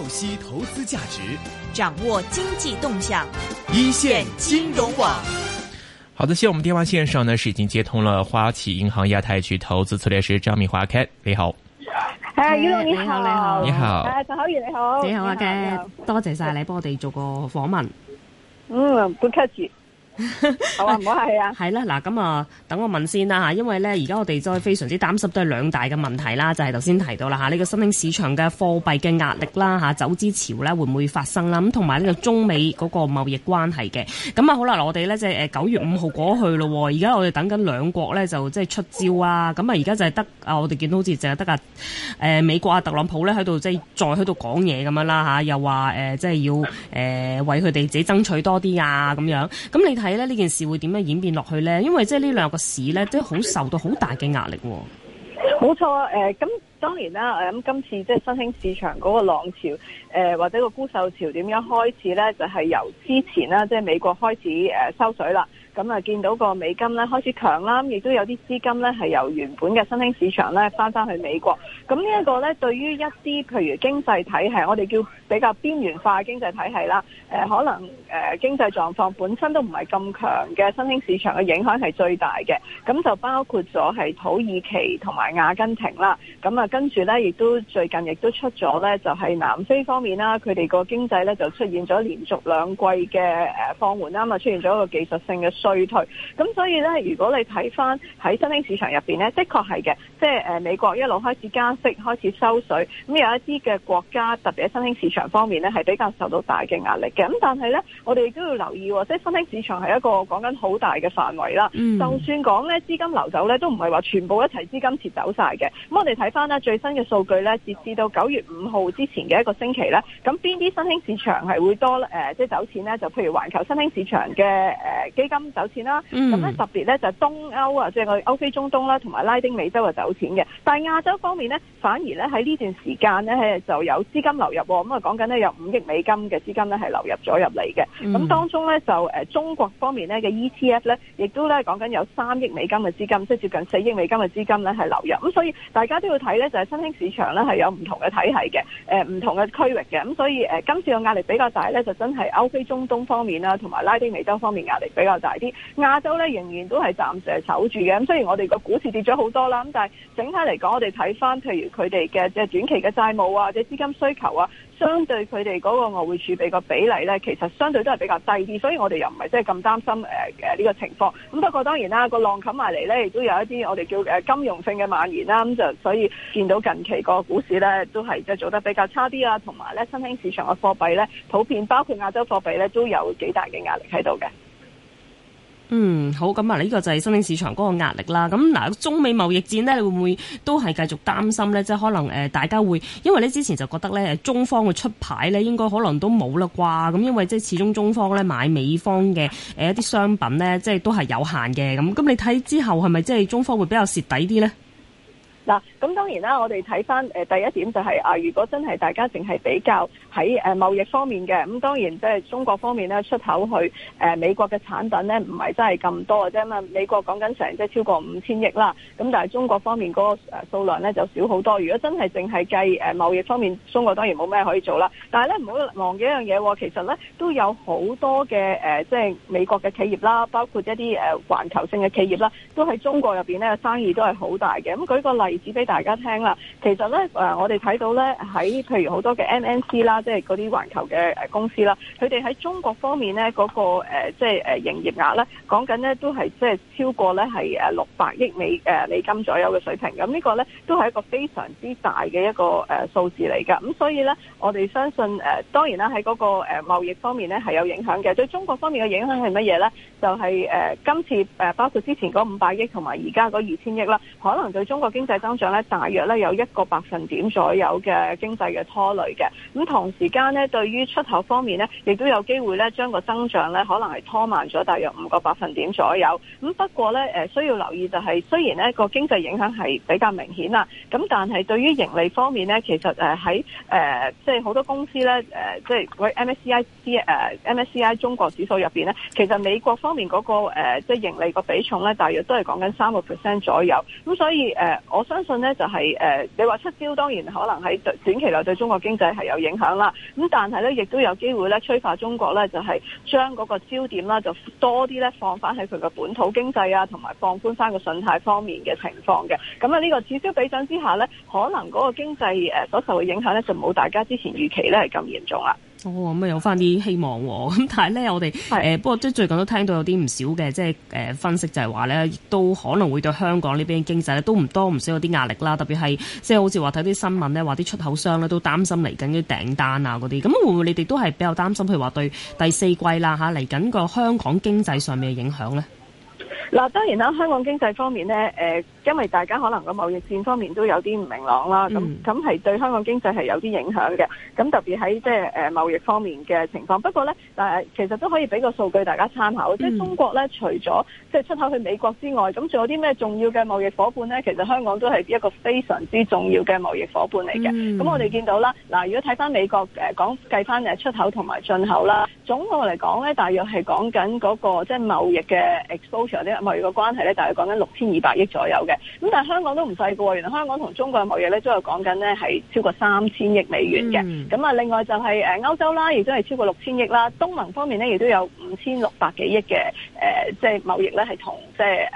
透析投資價值，掌握經濟動向，一線金融網。好的，謝我們電話線上呢是已經接通了花旗銀行亞太區投資策略師張敏華 Kat，你好。哎，雨龍你好，你好，你好，哎，陳好如你好，你好啊，你好 Kat，你好，多謝晒你幫我哋做個訪問。嗯，不客氣。好、 哦、啊，唔好係啊，係啦，嗱咁啊，等我問先啦吓，因為咧而家我哋再非常之擔心都係兩大嘅問題啦，就係頭先提到啦吓，呢、啊這個新興市場嘅貨幣嘅壓力啦吓、啊，走資潮咧會唔會發生啦？咁同埋呢個中美嗰個貿易關係嘅，咁啊好啦，我哋咧即係誒九月五號過去咯，而家我哋等緊兩國咧就即係、就是、出招啊，咁啊而家就係得啊，我哋見到好似淨係得啊誒美國啊特朗普咧喺度即係再喺度講嘢咁樣啦吓，又話誒即係要誒、呃、為佢哋自己爭取多啲啊咁樣，咁你睇？睇咧呢件事會點樣演變落去呢？因為即係呢兩個市呢，都好受到好大嘅壓力。冇錯，誒、呃，咁當然啦，咁、呃、今次即係新興市場嗰個浪潮，誒、呃，或者個沽售潮點樣開始呢？就係、是、由之前啦，即、就、係、是、美國開始誒、呃、收水啦。咁啊，見到個美金咧開始強啦，亦都有啲資金咧係由原本嘅新興市場咧翻翻去美國。咁呢一個咧，對於一啲譬如經濟體系，我哋叫比較邊緣化經濟體系啦，誒、呃、可能誒、呃、經濟狀況本身都唔係咁強嘅，新興市場嘅影響係最大嘅。咁就包括咗係土耳其同埋阿根廷啦。咁啊，跟住咧，亦都最近亦都出咗咧，就係南非方面啦，佢哋個經濟咧就出現咗連續兩季嘅誒放緩啦，咁啊出現咗一個技術性嘅退。咁，所以咧，如果你睇翻喺新興市場入邊咧，的確係嘅，即係誒美國一路開始加息，開始收水，咁有一啲嘅國家，特別喺新興市場方面咧，係比較受到大嘅壓力嘅。咁但係咧，我哋都要留意喎，即係新興市場係一個講緊好大嘅範圍啦。嗯。就算講咧資金流走咧，都唔係話全部一齊資金撤走晒嘅。咁我哋睇翻咧最新嘅數據咧，截至到九月五號之前嘅一個星期咧，咁邊啲新興市場係會多誒，即係走錢咧？就譬如環球新興市場嘅誒基金。走錢啦，咁咧特別咧就係東歐啊，即係我哋歐非中東啦，同埋拉丁美洲啊走錢嘅。但係亞洲方面咧，反而咧喺呢段時間咧，係就有資金流入，咁啊講緊咧有五億美金嘅資金咧係流入咗入嚟嘅。咁、嗯、當中咧就誒中國方面咧嘅 ETF 咧，亦都咧講緊有三億美金嘅資金，即係接近四億美金嘅資金咧係流入。咁所以大家都要睇咧，就係新興市場咧係有唔同嘅體系嘅，誒唔同嘅區域嘅。咁所以誒今次嘅壓力比較大咧，就真係歐非中東方面啦，同埋拉丁美洲方面壓力比較大。啲亞洲咧仍然都係暫時係守住嘅，咁雖然我哋個股市跌咗好多啦，咁但係整體嚟講，我哋睇返譬如佢哋嘅即係短期嘅債務啊，或者資金需求啊，相對佢哋嗰個外匯儲備個比例咧，其實相對都係比較低啲，所以我哋又唔係即係咁擔心誒誒呢個情況。咁不過當然啦，個浪冚埋嚟咧，亦都有一啲我哋叫誒金融性嘅蔓延啦，咁就所以見到近期個股市咧都係即係做得比較差啲啊，同埋咧新興市場嘅貨幣咧普遍包括亞洲貨幣咧都有幾大嘅壓力喺度嘅。嗯，好，咁啊，呢個就係新興市場嗰個壓力啦。咁嗱，中美貿易戰呢，你會唔會都係繼續擔心呢？即係可能誒、呃，大家會因為呢之前就覺得呢，中方會出牌呢應該可能都冇啦啩。咁因為即係始終中方呢買美方嘅誒一啲商品呢，即係都係有限嘅。咁咁你睇之後係咪即係中方會比較蝕底啲呢？咁當然啦、啊，我哋睇翻第一點就係、是、啊，如果真係大家淨係比較喺誒貿易方面嘅，咁當然即係中國方面咧出口去美國嘅產品咧，唔係真係咁多嘅啫嘛。美國講緊成即係超過五千億啦，咁但係中國方面嗰個數量咧就少好多。如果真係淨係計誒貿易方面，中國當然冇咩可以做啦。但係咧唔好忘記一樣嘢，其實咧都有好多嘅即係美國嘅企業啦，包括一啲環球性嘅企業啦，都喺中國入邊咧生意都係好大嘅。咁舉個例，指俾大家聽啦，其實咧誒，我哋睇到咧喺譬如好多嘅 MNC 啦，即係嗰啲環球嘅誒公司啦，佢哋喺中國方面咧嗰、嗰個即係誒營業額咧，講緊咧都係即係超過咧係誒六百億美誒美金左右嘅水平咁，個呢個咧都係一個非常之大嘅一個誒數字嚟㗎。咁所以咧，我哋相信誒、呃，當然啦，喺嗰個誒貿易方面咧係有影響嘅。對中國方面嘅影響係乜嘢咧？就係、係、誒、呃、今次誒包括之前嗰五百億同埋而家嗰二千億啦，可能對中國經濟增長咧，大約咧有一個百分點左右嘅經濟嘅拖累嘅。咁同時間咧，對於出口方面咧，亦都有機會咧將個增長咧可能係拖慢咗大約五個百分點左右。咁不過咧，誒需要留意就係雖然咧個經濟影響係比較明顯啦，咁但係對於盈利方面咧，其實誒喺誒即係好多公司咧誒即係佢 MSCI 誒 MSCI 中國指數入邊咧，其實美國方面嗰個誒即係盈利個比重咧，大約都係講緊三個 percent 左右。咁所以誒我。相信咧就係誒，你話出招當然可能喺短期內對中國經濟係有影響啦。咁但係咧，亦都有機會咧，催化中國咧就係將嗰個焦點啦，就多啲咧放翻喺佢個本土經濟啊，同埋放寬翻個信貸方面嘅情況嘅。咁啊，呢個此消彼長之下咧，可能嗰個經濟所受嘅影響咧，就冇大家之前預期咧係咁嚴重啦。哦，咁、嗯、啊有翻啲希望喎，咁、嗯、但係咧我哋、呃、不過即係最近都聽到有啲唔少嘅即、即係呃、分析就係話咧，都可能會對香港呢邊經濟咧都唔多唔少有啲壓力啦，特別係即係好似話睇啲新聞咧話啲出口商咧都擔心嚟緊啲訂單啊嗰啲，咁會唔會你哋都係比較擔心譬如話對第四季啦吓嚟緊個香港經濟上面嘅影響咧？嗱當然啦，香港經濟方面咧，誒、呃，因為大家可能個貿易戰方面都有啲唔明朗啦，咁咁係對香港經濟係有啲影響嘅。咁特別喺即係誒貿易方面嘅情況，不過咧、呃，其實都可以俾個數據大家參考，嗯、即係中國咧除咗即係出口去美國之外，咁、嗯、仲有啲咩重要嘅貿易伙伴咧？其實香港都係一個非常之重要嘅貿易伙伴嚟嘅。咁、嗯嗯、我哋見到啦，嗱，如果睇翻美國誒講計翻誒出口同埋進口啦，總共嚟講咧，大約係講緊嗰個即係貿易嘅 exposure 貿易嘅關係咧，大係講緊六千二百億左右嘅。咁但係香港都唔細個，原來香港同中國嘅貿易咧，都有講緊咧係超過三千億美元嘅。咁、嗯、啊，另外就係誒歐洲啦，亦都係超過六千億啦。東盟方面咧，亦都有五千六百幾億嘅誒，即係貿易咧係同即係誒。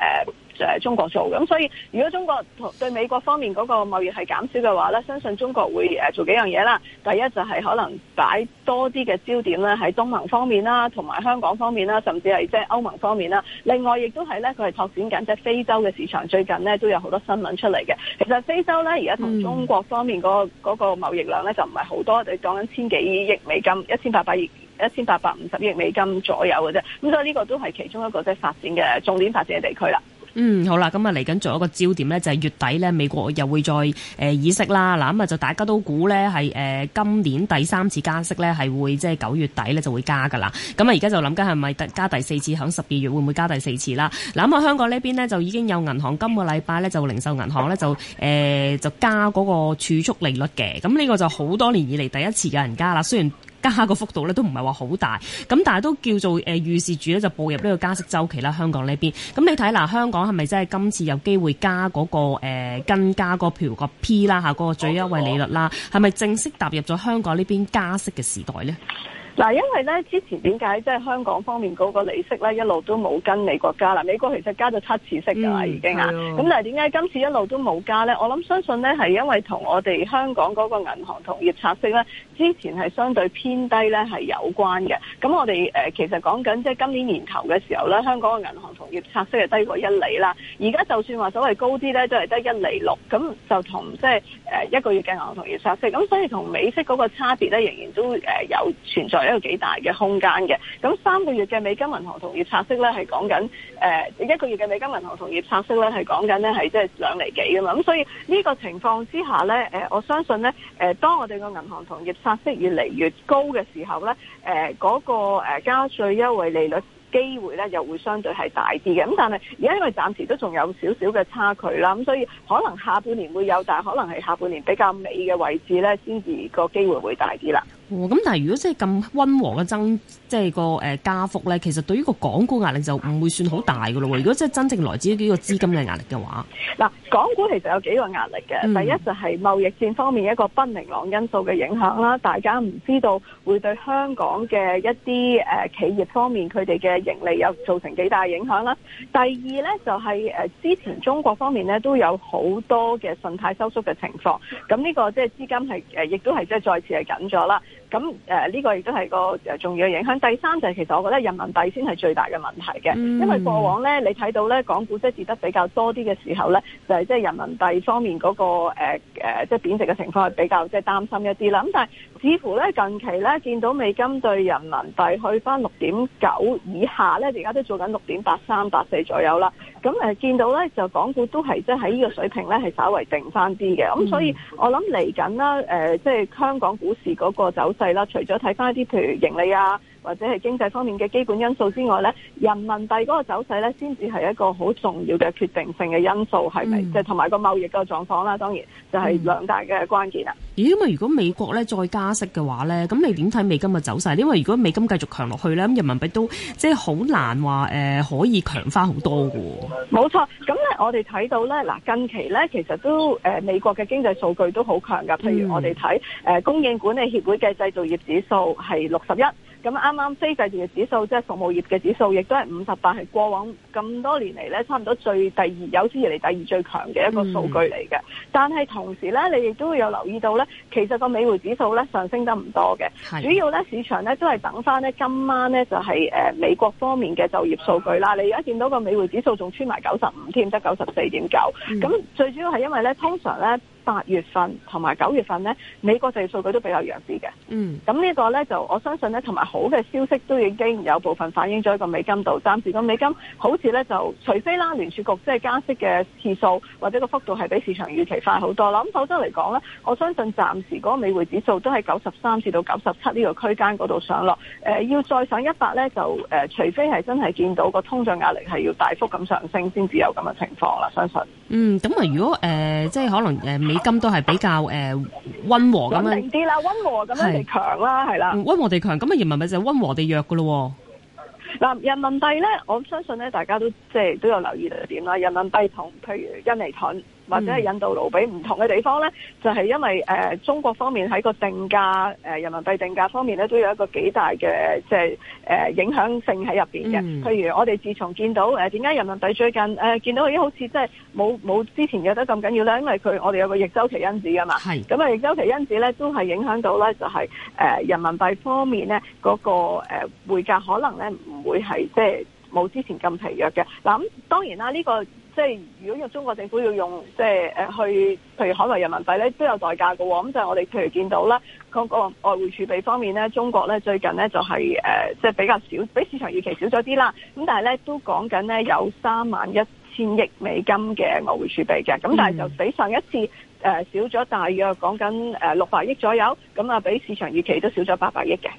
誒，中國做咁，所以如果中國對美國方面嗰個貿易係減少嘅話咧，相信中國會誒做幾樣嘢啦。第一就係可能擺多啲嘅焦點咧喺東盟方面啦，同埋香港方面啦，甚至係即係歐盟方面啦。另外也是是，亦都係咧，佢係拓展緊即係非洲嘅市場。最近呢都有好多新聞出嚟嘅。其實非洲咧而家同中國方面嗰個嗰個貿易量咧就唔係好多，嗯、你哋講緊千幾億美金，一千八百億、一千八百五十億美金左右嘅啫。咁所以呢個都係其中一個即係發展嘅重點發展嘅地區啦。嗯，好啦，咁啊，嚟緊做一個焦點呢，就係、是、月底呢，美國又會再誒議、呃、息啦。嗱，咁啊，就大家都估呢，係、呃、誒今年第三次加息呢，係會即係九月底呢就會加噶啦。咁啊，而家就諗緊係咪加第四次響十二月會唔會加第四次啦？嗱，咁啊，香港呢邊呢，就已經有銀行今個禮拜呢，就零售銀行呢、呃，就誒就加嗰個儲蓄利率嘅。咁呢個就好多年以嚟第一次有人加啦。雖然。加個幅度咧都唔係話好大，咁但係都叫做誒預示住咧就步入呢個加息周期啦。香港呢邊，咁你睇嗱，香港係咪真係今次有機會加嗰、嗰個誒，跟、呃、加、譬如個 P 啦吓，嗰個最優惠利率啦，係、哦、咪、哦、正式踏入咗香港呢邊加息嘅時代呢？嗱，因為咧之前點解即係香港方面嗰個利息咧一路都冇跟美國加啦，美國其實加咗七次息噶啦已經啊，咁、嗯哦、但係點解今次一路都冇加咧？我諗相信咧係因為同我哋香港嗰個銀行同業拆息咧之前係相對偏低咧係有關嘅。咁我哋、呃、其實講緊即係今年年頭嘅時候咧，香港嘅銀行同業拆息係低過一厘啦。而家就算話所謂高啲咧，都係得一厘六，咁就同即係呃、一個月嘅銀行同業拆息。咁所以同美息嗰個差別咧，仍然都誒有存在。一個幾大嘅空間嘅，咁三個月嘅美金銀行同業拆息咧係講緊，誒、呃，一個月嘅美金銀行同業拆息咧係講緊咧係即係兩厘幾噶嘛，咁所以呢個情況之下咧，誒、呃，我相信咧，誒、呃，當我哋個銀行同業拆息越嚟越高嘅時候咧，誒、呃，嗰、那個誒加最優惠利率機會咧又會相對係大啲嘅，咁但係而家因為暫時都仲有少少嘅差距啦，咁所以可能下半年會有，但係可能係下半年比較尾嘅位置咧，先至個機會會大啲啦。咁、哦、但係如果即係咁溫和嘅增，即、就、係、是那個誒加幅呢，其實對於個港股壓力就唔會算好大噶咯喎。如果即係真正來自於呢個資金嘅壓力嘅話，嗱，港股其實有幾個壓力嘅、嗯。第一就係貿易戰方面一個不明朗因素嘅影響啦，大家唔知道會對香港嘅一啲誒、呃、企業方面佢哋嘅盈利有造成幾大影響啦。第二呢就係誒之前中國方面咧都有好多嘅信貸收縮嘅情況，咁呢個即係資金係亦、呃、都係即係再次係緊咗啦。咁誒呢個亦都係個重要嘅影響。第三就係其實我覺得人民幣先係最大嘅問題嘅，嗯，因為過往呢，你睇到呢港股即係跌得比較多啲嘅時候呢，就係即係人民幣方面嗰個誒誒即係貶值嘅情況係比較即係擔心一啲啦。咁但係似乎呢，近期呢，見到美金對人民幣去翻六點九以下呢，而家都做緊六點八三八四左右啦。咁誒見到咧，就港股都係即係喺呢個水平咧，係稍微定翻啲嘅。咁、嗯、所以我諗嚟緊啦，即、呃、係、就是、香港股市嗰個走勢啦，除咗睇翻一啲譬如盈利啊，或者係經濟方面嘅基本因素之外咧，人民幣嗰個走勢咧，先至係一個好重要嘅決定性嘅因素，係、嗯、咪？即係同埋個貿易個狀況啦，當然就係兩大嘅關鍵啦。咦？咁啊，如果美國咧再加息嘅話咧，咁你點睇美金嘅走勢？因為如果美金繼續強落去咧，咁人民幣都即係好難話誒可以強翻好多嘅。冇錯，咁咧我哋睇到咧嗱，近期咧其實都誒美國嘅經濟數據都好強㗎。譬如我哋睇誒供應管理協會嘅製造業指數係六十一。咁啱啱非製造業嘅指數，即係服務業嘅指數，亦都係五十八，但係過往咁多年嚟咧，差唔多最第二，有史以嚟第二最強嘅一個數據嚟嘅。嗯、但係同時咧，你亦都會有留意到咧，其實個美匯指數咧上升得唔多嘅，主要咧市場咧都係等翻咧今晚咧就係、是呃、美國方面嘅就業數據啦。你而家見到個美匯指數仲穿埋九十五添，得九十四點九。咁最主要係因為咧，通常咧。八月份同埋九月份呢，美國經濟數據都比較弱啲嘅。嗯，咁呢個呢，就我相信呢，同埋好嘅消息都已經有部分反映咗一個美金度。暫時個美金好似呢，就，除非啦聯儲局即係加息嘅次數或者個幅度係比市場預期快好多啦。咁否則嚟講呢，我相信暫時嗰個美匯指數都係九十三至到九十七呢個區間嗰度上落、呃。要再上一百呢，就誒、呃，除非係真係見到個通脹壓力係要大幅咁上升，先至有咁嘅情況啦。相信。嗯，咁啊，如果誒、呃，即係可能、呃美金都係比較誒温和咁樣，啲啦温和咁樣地強啦，係啦。温和地強咁啊，人民幣就温和地弱噶咯。嗱，人民幣咧，我相信咧，大家都即係都有留意到點啦。人民幣同譬如印尼盾。或者係印度盧比唔同嘅地方咧，就係、是、因為誒、呃、中國方面喺個定價誒、呃、人民幣定價方面咧，都有一個幾大嘅即係誒影響性喺入邊嘅。譬如我哋自從見到誒點解人民幣最近誒、呃、見到啲好似即係冇冇之前弱得咁緊要咧，因為佢我哋有個逆周期因子噶嘛。係咁啊，逆周期因子咧都係影響到咧，就係、是、誒、呃、人民幣方面咧嗰、那個誒匯價可能咧唔會係即係冇之前咁疲弱嘅。嗱、啊、咁當然啦，呢、這個。即係如果用中國政府要用即係、呃、去，譬如海外人民幣咧，都有代價嘅喎。咁就係我哋譬如見到啦，嗰個外匯儲備方面咧，中國咧最近咧就係、是、誒、呃、即係比較少，比市場預期少咗啲啦。咁但係咧都講緊咧有三萬一千億美金嘅外匯儲備嘅，咁、嗯、但係就比上一次誒、呃、少咗大約講緊誒六百億左右，咁啊比市場預期都少咗八百億嘅。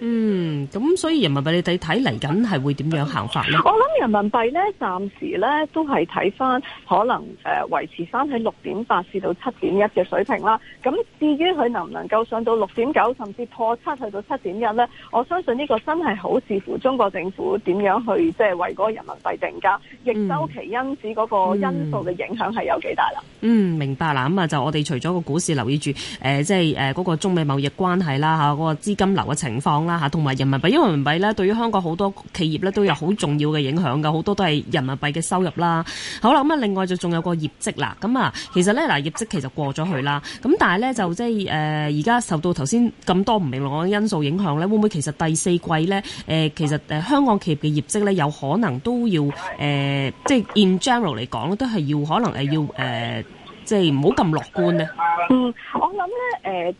嗯，咁所以人民幣你睇睇嚟緊係會點樣行法呢？我諗人民幣咧，暫時咧都係睇翻可能誒呃、維持翻喺六點八至到七點一嘅水平啦。咁至於佢能唔能夠上到六點九，甚至破七去到七點一咧，我相信呢個真係好視乎中國政府點樣去即係為嗰個人民幣定價逆週期因子嗰個因素嘅影響係有幾大啦、嗯。嗯，明白啦。咁啊，就我哋除咗個股市留意住，誒、呃，即係誒嗰個中美貿易關係啦，吓、啊、嗰、嗰個資金流嘅情況。吓，同埋人民幣，因為人民幣咧，對於香港好多企業咧都有好重要嘅影響噶，好多都係人民幣嘅收入啦。好啦，咁啊，另外就仲有個業績啦。咁啊，其實咧嗱，業績其實過咗去啦。咁但係咧，就即係誒，而家受到頭先咁多唔明朗嘅因素影響咧，會唔會其實第四季咧誒，其實香港企業嘅業績咧，有可能都要、呃、即係 in general 嚟講都係要可能誒要、呃、即係唔好咁樂觀呢。嗯，我諗咧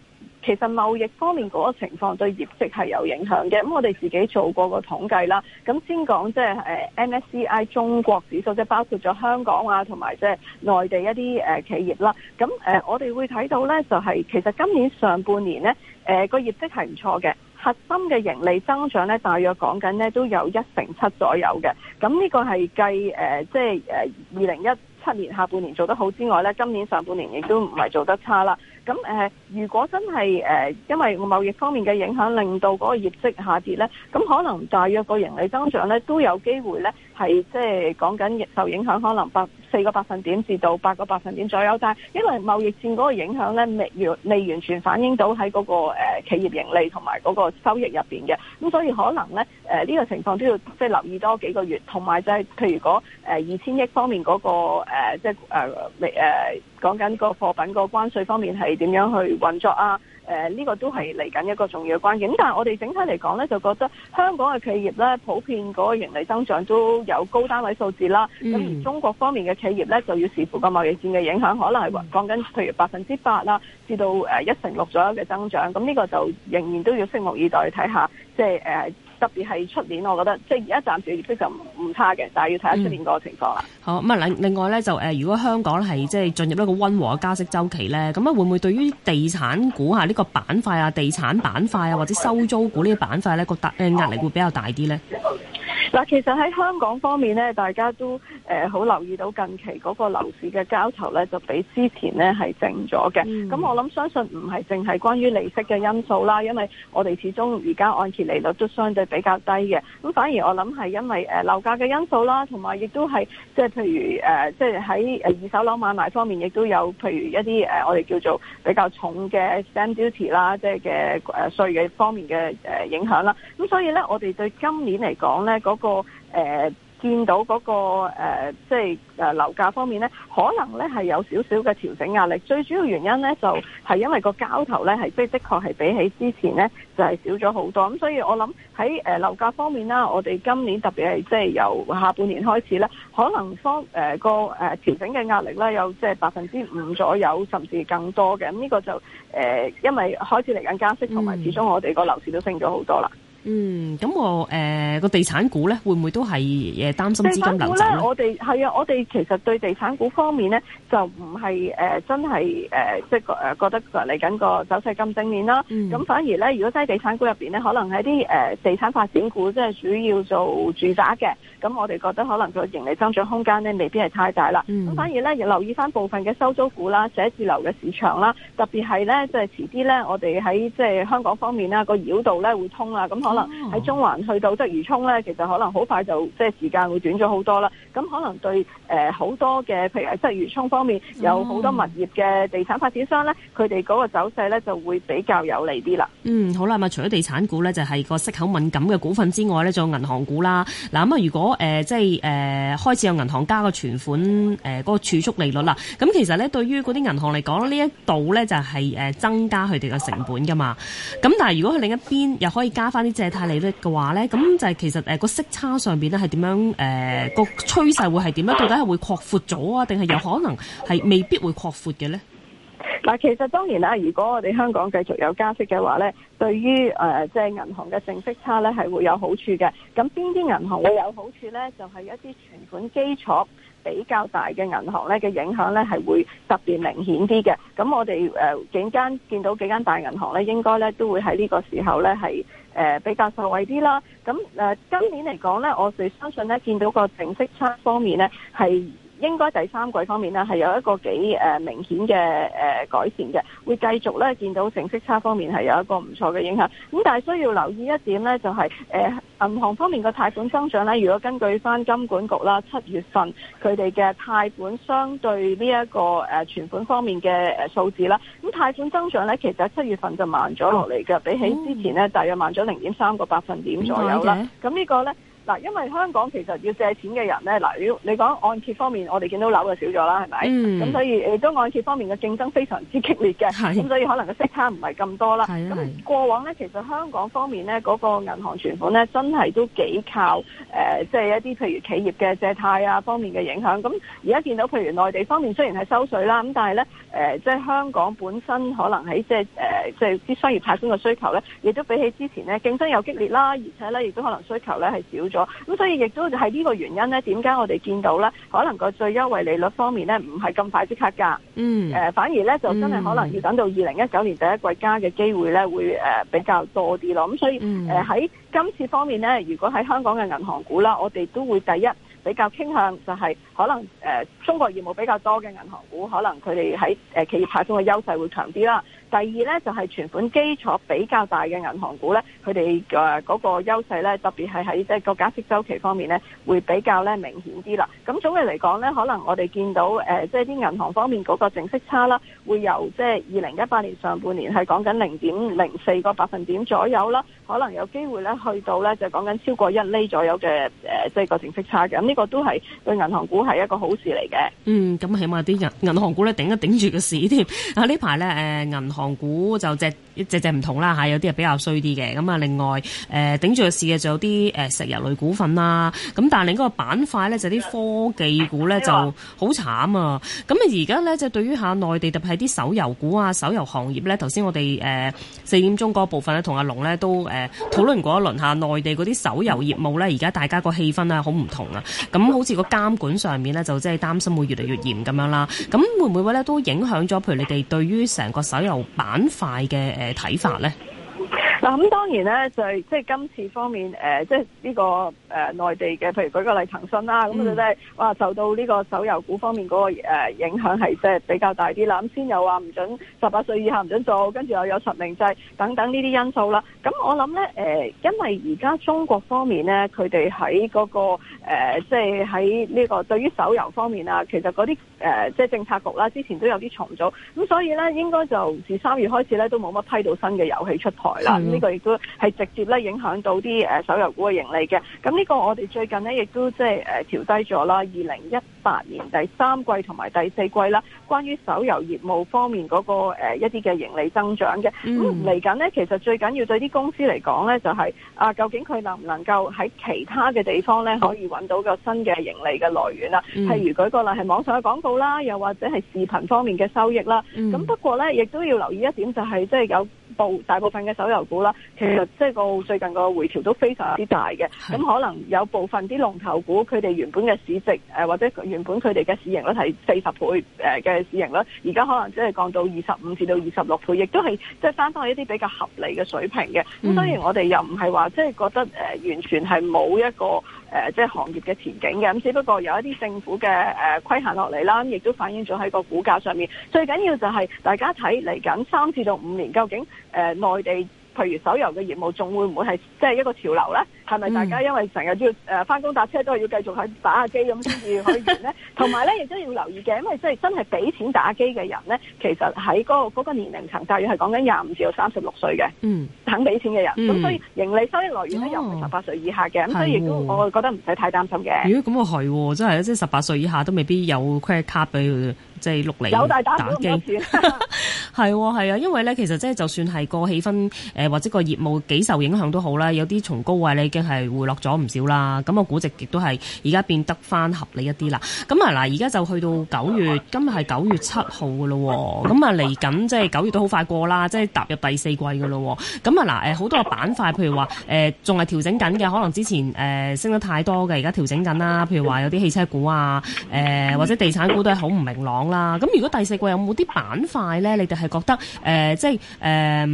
其實貿易方面嗰個情況對業績係有影響嘅，咁我哋自己做過個統計啦。咁先講即係 MSCI 中國指數，即係包括咗香港啊，同埋即係內地一啲企業啦。咁我哋會睇到呢，就係其實今年上半年呢個業績係唔錯嘅，核心嘅盈利增長呢，大約講緊呢都有一成七左右嘅。咁呢個係計誒即係誒二零一七年下半年做得好之外呢，今年上半年亦都唔係做得差啦。咁誒、呃，如果真係誒、呃，因為貿易方面嘅影響，令到嗰個業績下跌咧，咁可能大約個盈利增長咧，都有機會咧，係即係講緊受影響，可能百四個百分點至到八個百分點左右，但係因為貿易戰嗰個影響咧，未完未完全反映到喺嗰個企業盈利同埋嗰個收益入邊嘅，咁所以可能咧誒呢、哎、呢個情況都要即係留意多幾個月，同埋即係譬如如果誒二千億方面嗰個即係誒未誒講緊個貨品個關稅方面係點樣去運作啊？誒、呃，呢、呢個都係嚟緊一個重要嘅關鍵。但係我哋整體嚟講呢，就覺得香港嘅企業呢，普遍嗰個盈利增長都有高單位數字啦。咁、嗯、而中國方面嘅企業呢，就要視乎個貿易戰嘅影響，可能係講緊譬如百分之八啦，至到誒一、呃、成六左右嘅增長。咁呢個就仍然都要拭目以待看看，睇下即係誒。呃特別係出年，我覺得即係而家暫時業績就唔差嘅，但係要睇下出年嗰個情況啦、嗯。好咁啊，另另外咧就誒，如果香港係即係進入一個溫和加息週期咧，咁啊會唔會對於地產股嚇呢、呢個板塊啊、地產板塊啊或者收租股呢個板塊咧、嗰個大壓力會比較大啲咧？嗱，其實喺香港方面咧，大家都。誒、呃，好留意到近期嗰個樓市嘅交投咧，就比之前咧係靜咗嘅。咁、嗯、我諗相信唔係淨係關於利息嘅因素啦，因為我哋始終而家按揭利率都相對比較低嘅。咁反而我諗係因為誒樓價嘅因素啦，同埋亦都係即係譬如誒，即係喺誒二手樓買賣方面，亦都有譬如一啲誒、呃、我哋叫做比較重嘅 stamp duty 啦，即係嘅誒稅嘅方面嘅誒、呃、影響啦。咁所以咧，我哋對今年嚟講咧，嗰、那個誒。呃見到嗰、那個、呃、即係誒樓價方面咧，可能咧係有少少嘅調整壓力。最主要原因咧，就係、是、因為個交投咧係即係的確係比起之前咧就係、是、少咗好多。咁所以我諗喺樓價方面啦，我哋今年特別係即係由下半年開始咧，可能方誒、呃、個、呃、調整嘅壓力咧有即係百分之五左右，甚至更多嘅。咁呢個就誒、呃、因為開始嚟緊加息，同埋始終我哋個樓市都升咗好多啦。嗯。嗯，咁我誒個、呃、地產股咧，會唔會都係誒擔心資金流走咧？地產股咧，我哋係啊，我哋其實對地產股方面咧，就唔係誒真係誒、呃、即係誒、呃、覺得嚟緊個走勢咁正面啦。咁、嗯、反而咧，如果真係地產股入邊咧，可能喺啲誒地產發展股，即係主要做住宅嘅，咁我哋覺得可能個盈利增長空間咧，未必係太大啦。咁、嗯、反而咧，留意翻部分嘅收租股啦、寫字樓嘅市場啦，特別係咧即係遲啲咧，我哋喺即係香港方面啦，個繞道咧會通啦，咁、嗯可能喺中環去到鰂魚涌咧，其實可能好快就即係時間會短咗好多啦。咁可能對誒好多嘅譬如鰂魚涌方面有好多物業嘅地產發展商咧，佢哋嗰個走勢咧就會比較有利啲啦。嗯，好啦，咁啊，除咗地產股咧，就係、是、個息口敏感嘅股份之外咧，仲有銀行股啦。嗱咁啊，如果誒、呃、即係誒、呃、開始有銀行加個存款誒嗰、呃那個儲蓄利率啦，咁、嗯、其實咧對於嗰啲銀行嚟講呢一度咧就係、是、誒增加佢哋嘅成本㗎嘛。咁但係如果佢另一邊又可以加返啲。借貸利率嘅話咧，咁就係其實誒個息差上邊咧係點樣誒個趨勢會係點樣？到底係會擴闊咗啊，定係有可能係未必會擴闊嘅咧？嗱，其實當然啦，如果我哋香港繼續有加息嘅話咧，對於誒即係銀行嘅淨息差咧係會有好處嘅。咁邊啲銀行會有好處咧？就係一啲存款基礎比較大嘅銀行咧嘅影響咧係會特別明顯啲嘅，咁我哋誒幾間見到幾間大銀行咧，應該咧都會喺呢個時候咧係誒比較受惠啲啦。咁誒今年嚟講咧，我哋相信咧見到個淨息差方面咧係。應該第三季方面呢係有一個幾誒、呃、明顯嘅誒、呃、改善嘅，會繼續咧見到淨息差方面係有一個唔錯嘅影響。咁但係需要留意一點呢，就係、是、誒、呃、銀行方面嘅貸款增長呢，如果根據翻金管局啦七月份佢哋嘅貸款相對呢、這、一個誒、呃、存款方面嘅誒數字啦，咁、呃、貸款增長呢，其實在七月份就慢咗落嚟嘅，比起之前呢，嗯、大約慢咗零點三個百分點左右啦。咁呢個呢。嗱，因為香港其實要借錢嘅人咧，嗱，如你講按揭方面，我哋見到樓就少咗啦，係咪？咁、嗯、所以誒，都按揭方面嘅競爭非常之激烈嘅，咁所以可能個息差唔係咁多啦。咁過往咧，其實香港方面咧，嗰個銀行存款咧，真係都幾靠誒，即、呃、係、係、一啲譬如企業嘅借貸啊方面嘅影響。咁而家見到譬如內地方面雖然係收稅啦，咁但係咧誒，即係香港本身可能喺即係誒，即係啲、呃即係、商業貸款嘅需求咧，亦都比起之前咧競爭又激烈啦，而且咧亦都可能需求咧係少。咁所以亦都係呢個原因咧，點解我哋見到咧，可能個最優惠利率方面咧，唔係咁快即刻加噶，嗯，誒、呃，反而咧就真係可能要等到二零一九年第一季加嘅機會咧，會誒比較多啲咯。咁所以誒喺、呃、今次方面咧，如果喺香港嘅銀行股啦，我哋都會第一比較傾向就係、是、可能誒、呃、中國業務比較多嘅銀行股，可能佢哋喺誒企業派息嘅優勢會強啲啦。第二咧就係、是、存款基礎比較大嘅銀行股咧，佢哋嗰個優勢咧，特別係喺即係個加息週期方面咧，會比較咧明顯啲啦。咁總嘅嚟講咧，可能我哋見到、呃、即係啲銀行方面嗰個淨息差啦，會由即係二零一八年上半年係講緊零點零四個百分點左右啦，可能有機會咧去到咧就講緊超過一厘左右嘅、呃、即係個淨息差嘅。咁呢個都係對銀行股係一個好事嚟嘅。嗯，咁起碼啲銀銀行股咧頂一頂住個市添。啊，呢排咧銀行。港股就隻隻隻唔同啦嚇，有啲係比較衰啲嘅。咁啊，另外誒頂住個市嘅仲有啲誒石油類股份啦。咁但係另外個板塊呢，就啲科技股呢就好慘啊。咁啊，而家呢，就對於下內地特別係啲手遊股啊、手遊行業呢，頭先我哋誒四點鐘嗰部分呢，同阿龍呢都誒討論過一輪下內地嗰啲手遊業務呢。而家大家個氣氛啊，好唔同啊。咁好似個監管上面呢，就即係擔心會越嚟越嚴咁樣啦。咁會唔會咧都影響咗？譬如你哋對於成個手遊板塊嘅誒睇法咧？嗱咁當然咧，就係即係今次方面，即係呢個誒、呃、內地嘅，譬如舉個例騰訊啦，咁佢真係哇，受、嗯、到呢個手遊股方面嗰、那個、呃、影響係即係比較大啲啦。咁先又話唔準十八歲以下唔準做，跟住又有實名制等等呢啲因素啦。咁我諗咧、呃，因為而家中國方面咧，佢哋喺嗰個即係喺呢個對於手遊方面啊，其實嗰啲即係政策局啦，之前都有啲重組，咁所以咧，應該就自三月開始咧，都冇乜批到新嘅遊戲出台啦。嗯。呢、這個亦都係直接咧影響到啲誒手遊股嘅盈利嘅。咁、這、呢個我哋最近呢，亦都即係誒調低咗啦。二零一八年第三季同埋第四季啦，關於手遊業務方面嗰個一啲嘅盈利增長嘅。咁嚟緊呢，其實最緊要對啲公司嚟講呢，就係啊，究竟佢能唔能夠喺其他嘅地方呢，可以揾到個新嘅盈利嘅來源啊？譬、嗯、如舉個例係網上嘅廣告啦，又或者係視頻方面嘅收益啦。咁、嗯、不過呢，亦都要留意一點，就是，就係即係有。部大部分嘅手遊股啦，其實即係個最近個回調都非常之大嘅，咁可能有部分啲龍頭股，佢哋原本嘅市值誒、呃，或者原本佢哋嘅市盈率係四十倍誒嘅、呃、市盈率，而家可能即係降到二十五至到二十六倍，亦都係即係返返去一啲比較合理嘅水平嘅。咁當然我哋又唔係話即係覺得誒、呃、完全係冇一個。誒，即係行業嘅前景嘅，咁只不過有一啲政府嘅誒規限落嚟啦，亦都反映咗喺個股價上面。最緊要就係大家睇嚟緊三至到五年，究竟誒內地譬如手遊嘅業務仲會唔會係即係一個潮流呢？係咪大家因為成日要誒翻工搭車，都係要繼續喺打下機咁先至去完呢？同埋咧亦都要留意嘅，因為即係真係俾錢打機嘅人咧，其實喺嗰個年齡層大約係的，大概係講緊廿五至到三十六歲嘅，肯俾錢嘅人。咁、嗯、所以盈利收益來源咧又唔係十八歲以下嘅。咁、哦、所以亦都我覺得唔使太擔心嘅。如果咁啊係喎，真係即係十八歲以下都未必有 credit card 俾即係碌嚟打機。係喎係啊，因為咧其實即係就算係個氣氛誒、呃、或者個業務幾受影響都好啦，有啲從高位嚟係回落咗唔少啦，咁我估值亦都係而家變得翻合理一啲啦。咁啊嗱，而家就去到九月，今日係九月七號噶咯。咁啊，嚟緊即係九月都好快過啦，即係踏入第四季噶咯。咁啊嗱，誒好多個板塊，譬如話誒仲係調整緊嘅，可能之前誒升得太多嘅，而家調整緊啦。譬如話有啲汽車股啊，誒或者地產股都係好唔明朗啦。咁如果第四季有冇啲板塊咧，你哋係覺得誒即係誒？呃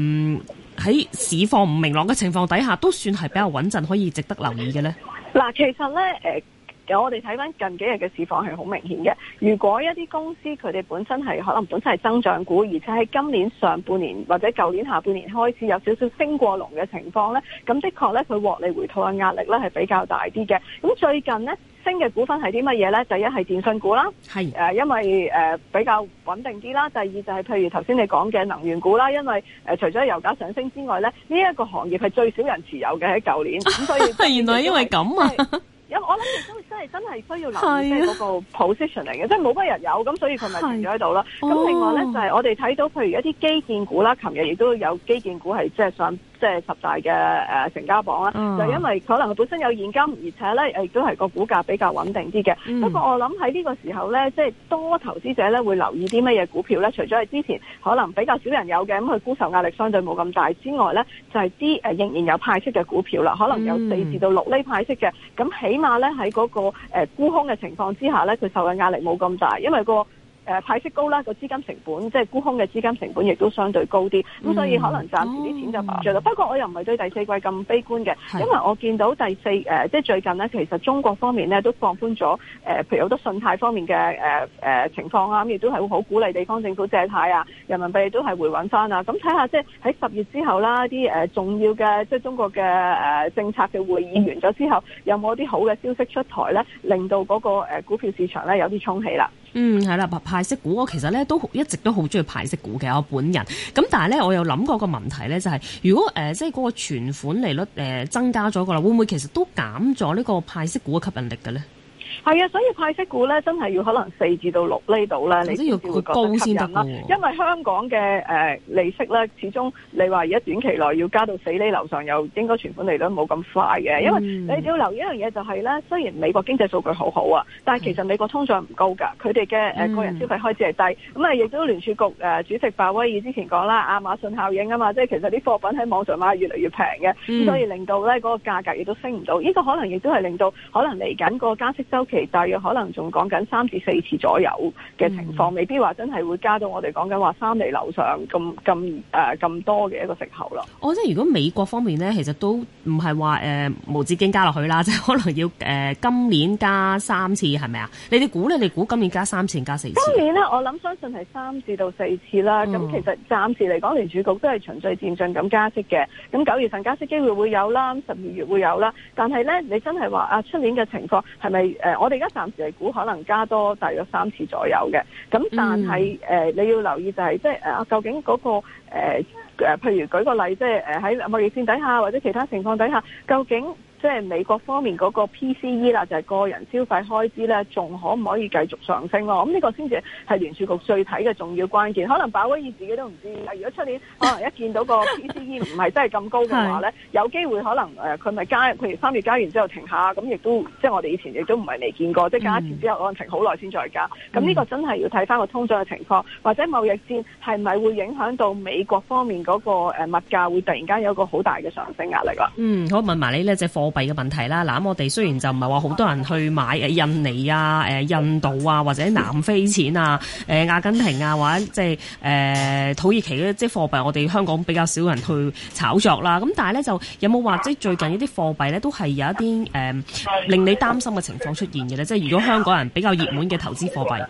喺市況唔明朗嘅情況底下，都算係比較穩陣，可以值得留意嘅呢？嗱，其實呢。誒、呃。我哋睇翻近幾日嘅市況係好明顯嘅。如果一啲公司佢哋本身係可能本身係增長股，而且喺今年上半年或者舊年下半年開始有少少升過龍嘅情況呢，咁的確呢，佢獲利回吐嘅壓力呢係比較大啲嘅。咁最近呢，升嘅股份係啲乜嘢呢？第一係電信股啦，係、呃、因為、呃、比較穩定啲啦。第二就係譬如頭先你講嘅能源股啦，因為、呃、除咗油價上升之外呢，呢、這、一個行業係最少人持有嘅喺舊年，咁所以。啊，原來因為咁啊。 有我諗亦都真係真係需要留意，即係嗰個 position 嚟嘅，啊、即係冇乜人有，咁所以佢咪停咗喺度啦。咁、啊、另外咧就係、是、我哋睇到，譬如一啲基建股啦，琴日亦都有基建股係即係想。即係十大嘅、呃、成交榜啦、啊，uh -huh。就係因為可能佢本身有現金，而且咧誒亦都係個股價比較穩定啲嘅。不、mm、過 -hmm。我諗喺呢個時候咧，即係多投資者咧會留意啲乜嘢股票咧？除咗係之前可能比較少人有嘅，咁佢沽售壓力相對冇咁大之外咧，就係、是、啲、呃、仍然有派息嘅股票啦。可能有四至到六厘派息嘅，咁、mm -hmm。起碼咧喺嗰個、呃、沽空嘅情況之下咧，佢受嘅壓力冇咁大，因為、那個。誒派息高啦，個資金成本即係沽空嘅資金成本亦都相對高啲，咁、嗯、所以可能暫時啲錢就麻著啦。不過我又唔係對第四季咁悲觀嘅，因為我見到第四、呃、即係最近呢，其實中國方面呢都放寬咗、呃、譬如好多信貸方面嘅誒、呃呃、情況啊，咁亦都係會好鼓勵地方政府借貸啊，人民幣都係回穩翻啊。咁睇下即係喺十月之後啦，啲重要嘅即係中國嘅政策嘅會議完咗之後，嗯、有冇啲好嘅消息出台呢，令到嗰個股票市場呢有啲沖起啦。嗯，係啦，派息股我其實咧都一直都好中意派息股嘅我本人。咁但係咧，我有諗過個問題咧，就係呃，就係如果即係嗰個存款利率增加咗嘅啦，會唔會其實都減咗呢個派息股嘅吸引力嘅咧？係啊，所以派息股咧，真係要可能四至到六呢度咧，你都要高先得啦，因為香港嘅誒、呃、利息咧，始終你話而家短期內要加到四厘樓上，又應該存款利率冇咁快嘅、嗯。因為你要留意一樣嘢就係、是、咧，雖然美國經濟數據好好啊，但係其實美國通脹唔高㗎。佢哋嘅個人消費開支係低，咁啊亦都聯儲局、呃、主席鮑威爾之前講啦，亞馬遜效應啊嘛，即係其實啲貨品喺網上買越嚟越平嘅、嗯，所以令到咧、嗰個價格亦都升唔到。呢、呢個可能亦都係令到可能嚟緊個加息週。其大概可能仲講緊三至四次左右嘅情況，嗯、未必話真係會加到我哋講緊話三厘樓上咁咁誒咁多嘅一個食口咯。我、哦、覺得如果美國方面呢，其實都唔係話誒無止境加落去啦，即係可能要誒、呃、今年加三次係咪啊？你哋估你哋估今年加三次加四次？今年呢，我諗相信係三至到四次啦。咁、嗯、其實暫時嚟講，聯儲局都係循序漸進咁加息嘅。咁九月份加息機會會有啦，十二月會有啦。但係呢，你真係話啊，出年嘅情況係咪？呃我哋而家暫時嚟估，可能加多大約三次左右嘅。咁但係、嗯呃、你要留意就係、是，即係、呃、究竟嗰、那個、呃、譬如舉個例，即係誒喺貿易線底下或者其他情況底下，究竟？即係美國方面嗰個 PCE 啦，就係個人消費開支咧，仲可唔可以繼續上升咯？咁、嗯、呢、呢個先至係聯儲局最睇嘅重要關鍵。可能鮑威爾自己都唔知。如果出年可能一見到個 PCE 唔 係真係咁高嘅話咧，有機會可能誒佢咪加，譬如三月加完之後停下，咁亦都即係我哋以前亦都唔係未見過，即係加一次之後可能、嗯、停好耐先再加。咁、嗯、呢、嗯呢個真係要睇翻個通脹嘅情況，或者貿易戰係咪會影響到美國方面嗰個物價會突然間有一個好大嘅上升壓力啦？嗯，好問埋你呢即、那個、貨。貨幣嘅問題啦，嗱我哋雖然就唔係話好多人去買誒印尼啊、誒印度啊或者南非錢啊、誒阿根廷啊或者即係誒土耳其即係貨幣我哋香港比較少人去炒作啦。咁但係呢就有冇話即最近啲貨幣呢都係有一啲誒令你擔心嘅情況出現嘅呢？即係如果香港人比較熱門嘅投資貨幣，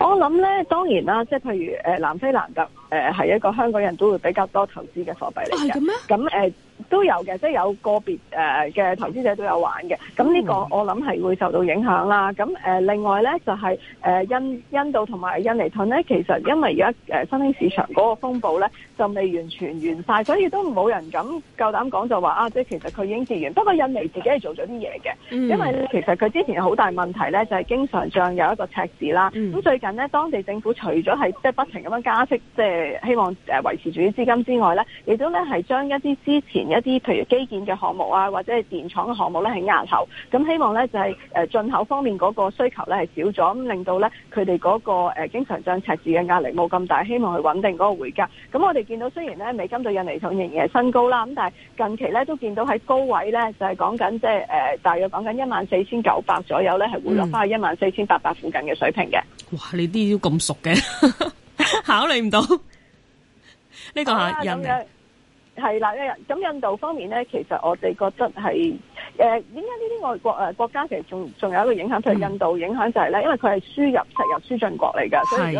我諗呢當然啦，即係譬如誒南非蘭特誒係一個香港人都會比較多投資嘅貨幣嚟嘅咁誒。都有嘅，即係有個別誒嘅投資者都有玩嘅，咁呢個我諗係會受到影響啦。咁誒，另外咧就係誒，印印度同埋印尼盾咧，其實因為而家新興市場嗰個風暴咧。就未完全完晒，所以都冇人敢夠膽講就話啊！即係其實佢已經治完，不過印尼自己係做咗啲嘢嘅，因為其實佢之前有好大問題咧，就係經常將有一個赤字啦。咁、嗯、最近呢，當地政府除咗係即係不停咁樣加息，即係希望維持住啲資金之外咧，亦都咧係將一啲之前一啲譬如基建嘅項目啊，或者係電廠嘅項目咧係押後，咁希望咧就係進口方面嗰個需求咧係少咗，咁令到咧佢哋嗰個誒經常將赤字嘅壓力冇咁大，希望佢穩定嗰個匯價。咁我哋，見到雖然咧美金對印尼盾仍然係新高啦，咁但係近期咧都見到喺高位咧就係講緊即係誒，大約講緊一萬四千九百左右咧係回落翻去一萬四千八百附近嘅水平嘅、嗯。哇，你啲都咁熟嘅， 考慮唔到呢個吓印係啦，咁、啊、印度方面咧，其實我哋覺得係誒，點解呢啲外國誒、呃、國家其實仲仲有一個影響，就、嗯、係印度影響就係咧，因為佢係輸入石油輸進國嚟噶，所以。